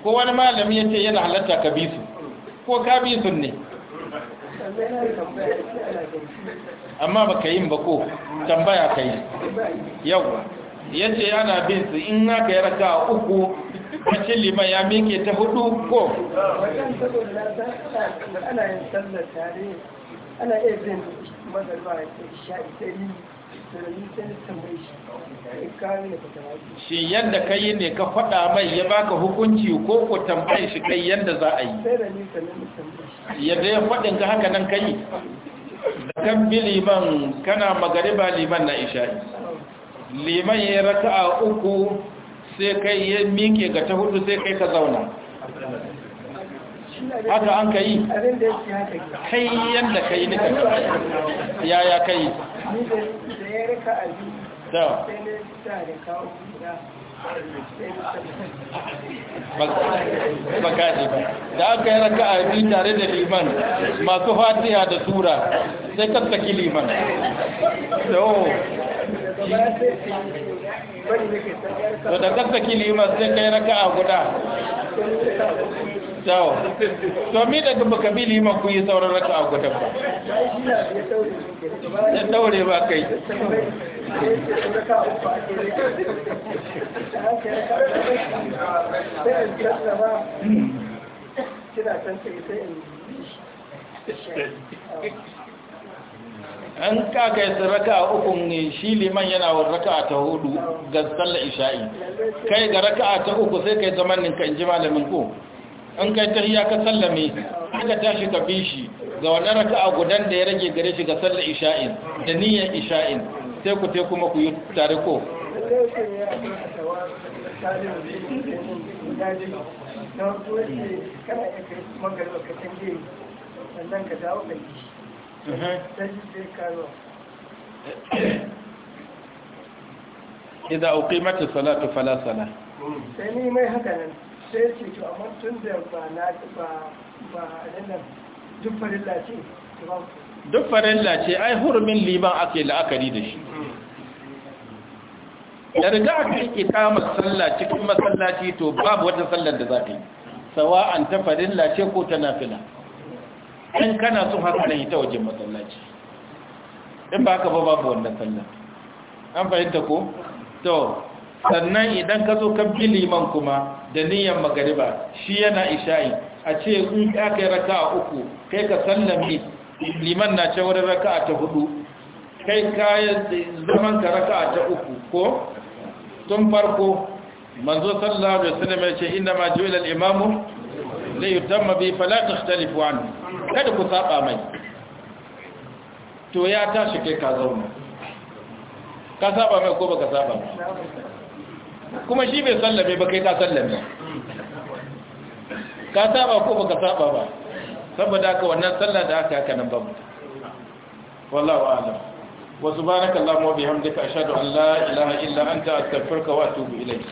ko wani malami ya ce yana halatta ka bisu su ko ka bisu su ne amma baka yi ba ko tambaya ka yi yawa yace ana bin su in naka yarda uku bacin liman ya mike ta hudu ko shi yadda ka yi ne ka faɗa mai ya baka hukunci ko ku tambaye shi kai yadda za a yi yadda ya faɗin ka haka nan ka da kan bi liman kana magariba liman na isha'i liman ya raka a uku sai kai ya miƙe ga ta hudu sai kai ka zauna haka an ka yi kai yadda ka yi nika yaya ka yi da bakaɗe ba da aka yi raka a biyu tare da liman masu fatiha da tura sai kattaki liman da o to da tsattaki limar sai kai raka a guda tawo to mi daga baka bi liman ku yi sauran raka a guda ba ya daure ba kai kina an kaga ya raka uku ne shi liman yana wa raka ta hudu ga sallar isha'i kai ga raka ta uku sai kai zamanin ka ji malamin ko an kai ta hiya ka sallame aka tashi ka fi shi ga wani raka gudan da ya rage gare shi ga sallar isha'i da niyyar isha'i sai ku te kuma ku yi tare ko sannan ka dawo ka yi idan auki mace salatu fala sai ni mai haka nan sai ce to amma tun da ba na ba ba nan duk farilla ce duk farilla ce ai hurumin liban ake la'akari da shi hmm. da riga aka yi ikamar sallah cikin masallaci to babu wata sallar da za ta yi sawa'an ta farilla ce ko ta nafila in kana so haka nan ita wajen masallaci in ba ka ba babu wannan sallah an fahimta ko to sannan idan ka zo ka bi liman kuma da niyyar magariba shi yana isha'i a ce in ka kai a uku kai ka sallame liman na ce wurin a ta hudu kai kayan zaman ka a ta uku ko tun farko manzo sallallahu alaihi wasallam ya ce inna ma ju'ila al-imamu zai yi tamma bai falata talifu hannu kada ku saba mai to ya tashi kai ka zauna ka saba mai ko baka saba mai kuma shi bai sallame ba kai ka sallame ka saba ko baka saba ba saboda haka wannan sallar da aka haka nan babu wallahu a'lam wa subhanaka allahumma wa bihamdika ashhadu an la ilaha illa anta astaghfiruka wa atubu ilayk